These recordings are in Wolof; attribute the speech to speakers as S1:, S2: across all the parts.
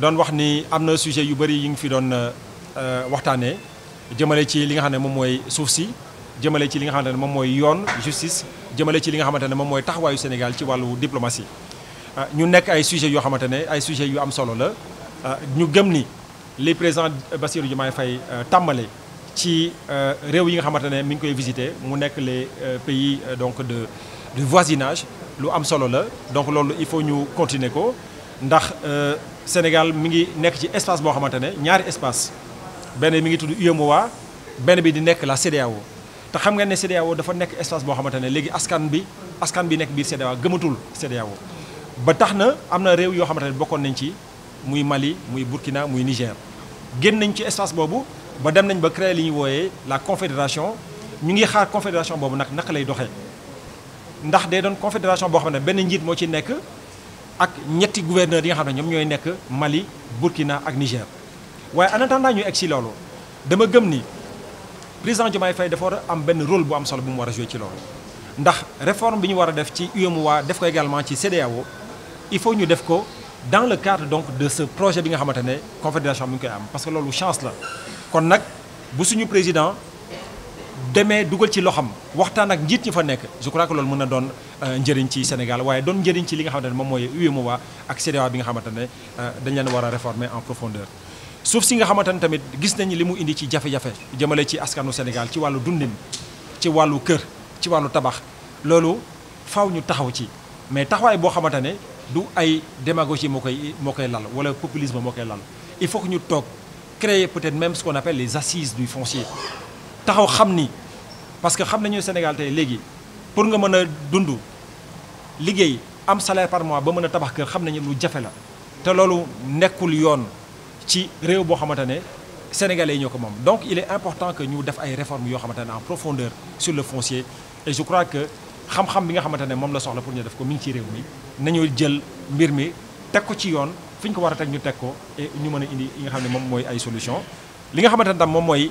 S1: don wax ni am na sujet yu bari yi nga fi doon euh, euh, waxtaanee jëmale ci li nga xam ne moom mooy suuf si jëmale ci li nga xamante ne moom mooy yoon justice jëmale ci li nga xamante ne moom mooy taxawaayu Sénégal ci wàllu diplomatie euh, ñu nekk ay sujet yoo xamante ne ay sujet yu am solo la ñu gëm ni li président Bassirou Diomaye Fay tàmbale ci réew yi nga xamante ne mi ngi koy visité mu nekk les pays donc de de voisinage lu am solo la donc loolu il faut ñu continuer ko ndax euh, Sénégal mu ngi nekk ci espace boo xamante ne ñaari espace benn mi ngi tudd UEMOA benn bi di nekk la CEDEAO te xam nga ne CEDEAO dafa nekk espace boo xamante ne léegi askan bi askan bi nekk biir CEDEAO gëmatul CEDEAO ba tax na am na réew yoo xamante ne bokkoon nañ ci muy Mali muy Burkina muy Niger génn nañ ci espace boobu ba dem nañ ba créer li ñuy wooyee la confédération ñu ngi xaar confédération boobu nag naka lay doxee ndax day doon confédération boo xam ne benn njiit moo ci nekk ak ñetti gouverneur yi nga xam ne ñoom ñooy nekk Mali Burkina ak Niger waaye en attendant ñu egg si loolu dama gëm ni président Diomaye Faye dafa war a am benn rôle bu am solo bu mu war a joué ci loolu. ndax réforme bi ñu war a def ci UEMOA def ko également ci CEDEAO il faut ñu def ko dans le cadre donc de ce projet bi nga xamante ne confédération bi ñu koy am parce que loolu chance la kon nag bu suñu président demee dugal ci loxam waxtaan ak njiit ñi fa nekk je crois que loolu mën na doon euh, njëriñ ci Sénégal waaye doon njëriñ ci li nga xamante ne moom mooy UEMOA ak CEDEAO bi nga xamante ne euh, dañ leen war a réformer en profondeur. suuf si nga xamante ne tamit gis nañ li mu indi ci jafe-jafe jëmale ci askanu Sénégal ci wàllu dundin ci wàllu kër ci wàllu tabax loolu faaw ñu taxaw ci mais taxawaay boo xamante ne du ay démagogie moo koy moo koy lal wala populisme moo koy lal il faut que ñu toog créer peut-être même ce qu'on appelle les assises du foncier taxaw xam ni parce que xam nañu Sénégal tey léegi pour nga mën a dund liggéey am salaire par mois ba mën a tabax kër xam nañu lu jafe la te loolu nekkul yoon ci réew boo xamante ne sénégalais yi ñoo ko moom donc il est important que ñu def ay réformes yoo xamante ne en profondeur sur le foncier et je crois que xam-xam bi nga xamante ne moom la soxla pour ñu def ko mi ngi ci réew mi nañu jël mbir mi teg ko ci yoon fi ñu ko war a teg ñu teg ko et ñu mën a indi yi nga xam ne moom mooy ay solution li nga xamante ne tam moom mooy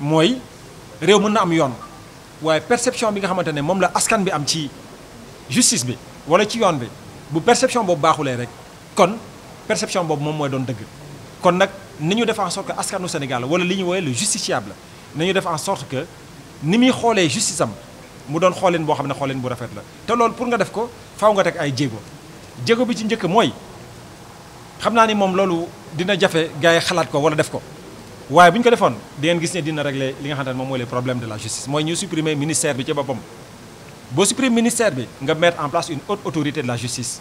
S1: moy réew mën na am perception bi nga ne la justice bi wala ci bi bu perception bobu baxulé rek kon perception bobu mom moy doon kon en sorte que askanu Sénégal le justiciable en sorte que ni justice am mu doon bu rafet la pour nga def ko nga ay bi ci ni dina sorte ko waaye bu ñu ko defoon di ngeen gis ne dina régler li nga xamante ne moom mooy de la justice mooy ñu supprimer ministère bi ci boppam. boo supprimer ministère bi nga mettre en place une haute autorité de la justice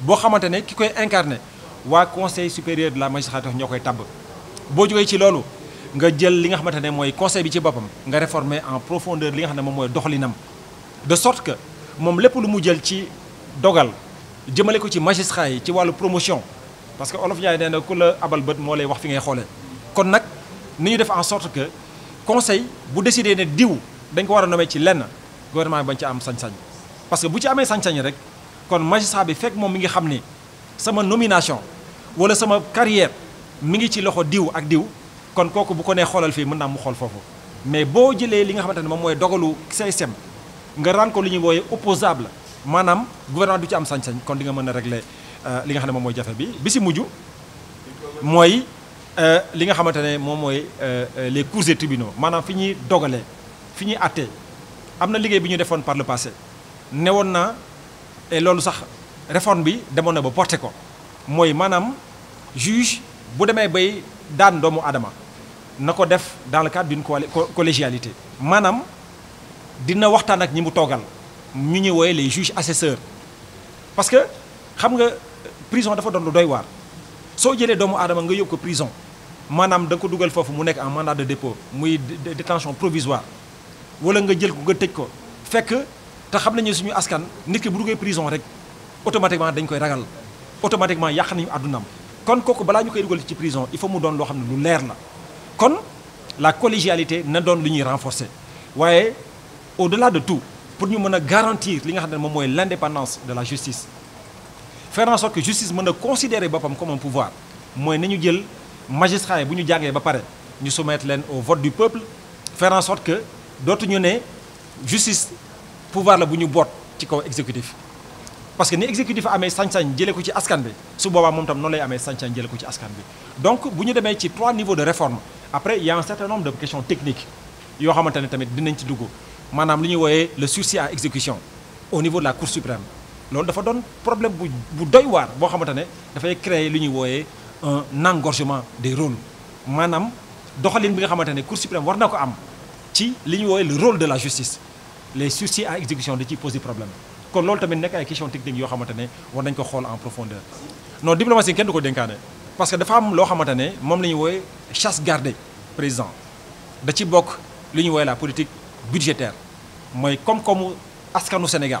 S1: boo xamante ne ki koy incarner waa conseil supérieur de la magistrature ñoo koy tabb boo jógee ci loolu nga jël li nga xamante ne mooy conseil bi ci boppam nga réformer en profondeur li nga xam ne moom mooy doxalinam de sorte que moom lépp lu mu jël ci dogal jëmale ko ci magistrat yi ci wàllu promotion parce que olof Ndiaye nee na ku la abal bët moo lay wax fi ngay xoolee kon nag. ni ñu def en sorte que conseil bu décidé ne diw dañ ko war a nommer ci lenn gouvernement bi bañ ci am sañ-sañ parce que bu ci amee sañ-sañ rek kon magistrat bi fekk moom mi ngi xam ni sama nomination wala sama carrière mu ngi ci loxo diw ak diw kon kooku bu ko nee xoolal fii mën naa mu xool foofu mais boo jëlee li nga xamante ne moom mooy dogalu CSM nga raan ko li ñuy wooyee opposable maanaam gouvernement du ci am sañ-sañ kon di nga mën a régler euh, li nga xam ne moom mooy jafe bi bi si mujj mooy Euh, li nga xamante mom moy euh, euh, les cours des tribunaux Manam fiñi dogalé fiñi fi Amna àttee biñu na par le passé newoon na et lolu sax réforme bi demoon na ba porté ko moy manam juge bu démé bay daan doomu adama nako def dans le cadre d'une collégialité Manam, dina waxtan ak ñi mu ñu ñi woyé les juges assesseurs parce que xam nga prison dafa don lu doy war soo jëlee doomu aadama nga yóbbu ko prison maanaam da nga ko dugal foofu mu nekk en mandat de dépôt muy détention provisoire wala nga jël ko nga tëj ko fekk te xam nañu suñu askan nit ki bu duggee prison rek automatiquement dañ koy ragal automatiquement yàq nañu àddunaam kon kooku balaa ñu koy dugal ci prison il faut mu doon loo xam ne lu leer la kon la collégialité na doon lu ñuy renforcer waaye au-delà de tout pour ñu mën a garantir li nga xam ne l'indépendance de la justice faire en sorte que justice mën considérer bopam comme un pouvoir Moi, nañu jël magistrat yi bu ñu ba pare ñu soumettre len au vote du peuple faire en sorte que d'autres né justice pouvoir la bu bot ci exécutif parce que ni exécutif mis sañ-sañ jëlee ko ci askan bi su boba mom tam non lay amé sañ-sañ ko ci askan bi donc bu démé ci trois niveaux de réforme après il y a un certain nombre de questions techniques yo y tamit dinañ ci dugg manam li ñuy le sursis à exécution au niveau de la Cour suprême loolu dafa doon problème bu bu doy waar boo xamante ne dafay créer li ñuy wooyee un engorgement des rôles maanaam doxalin bi nga xamante ne Cour suprême war na ko am ci li ñuy wooyee le rôle de la justice les sursis à exécution da ciy poser problème kon loolu tamit nekk ay question technique yoo xamante ne war nañ ko xool en profondeur non diplomatie kenn du ko dénkaane parce que dafa am loo xamante ne moom la ñuy wooyee chasse gardée président da ci bokk li ñuy wooyee la politique budgétaire mooy comme comme askanu Sénégal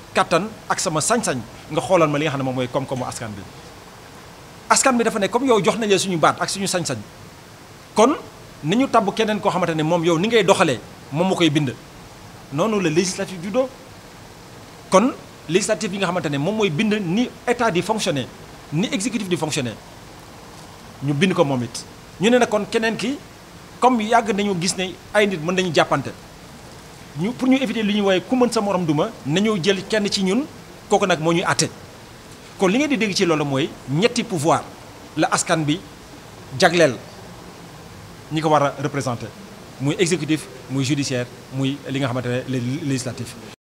S1: kattan ak sama sañ-sañ nga xoolal ma li nga xam ne moom mooy koom-koomu askan bi askan bi dafa ne comme yow jox nañ la suñu baat ak suñu sañ-sañ kon ni ñu tabb keneen koo xamante ne moom yow ni ngay doxalee moom ma koy bind noonu la législative juddoo kon législative yi nga xamante ne moom mooy bind ni état di fonctionner ni exécutif di fonctionner ñu bind ko moom it ñu ne na kon keneen ki comme yàgg nañu gis ne ay nit mën nañu jàppante ñu pour ñu évité li ñuy wooye ku mën sa morom duma nañoo jël kenn ci ñun kooku nag moo ñuy àtte kon li ngeen di dégg ci loolu mooy ñetti pouvoir la askan bi jagleel ñi ko war a représenté muy exécutif muy judiciaire muy li nga xamante ne législatif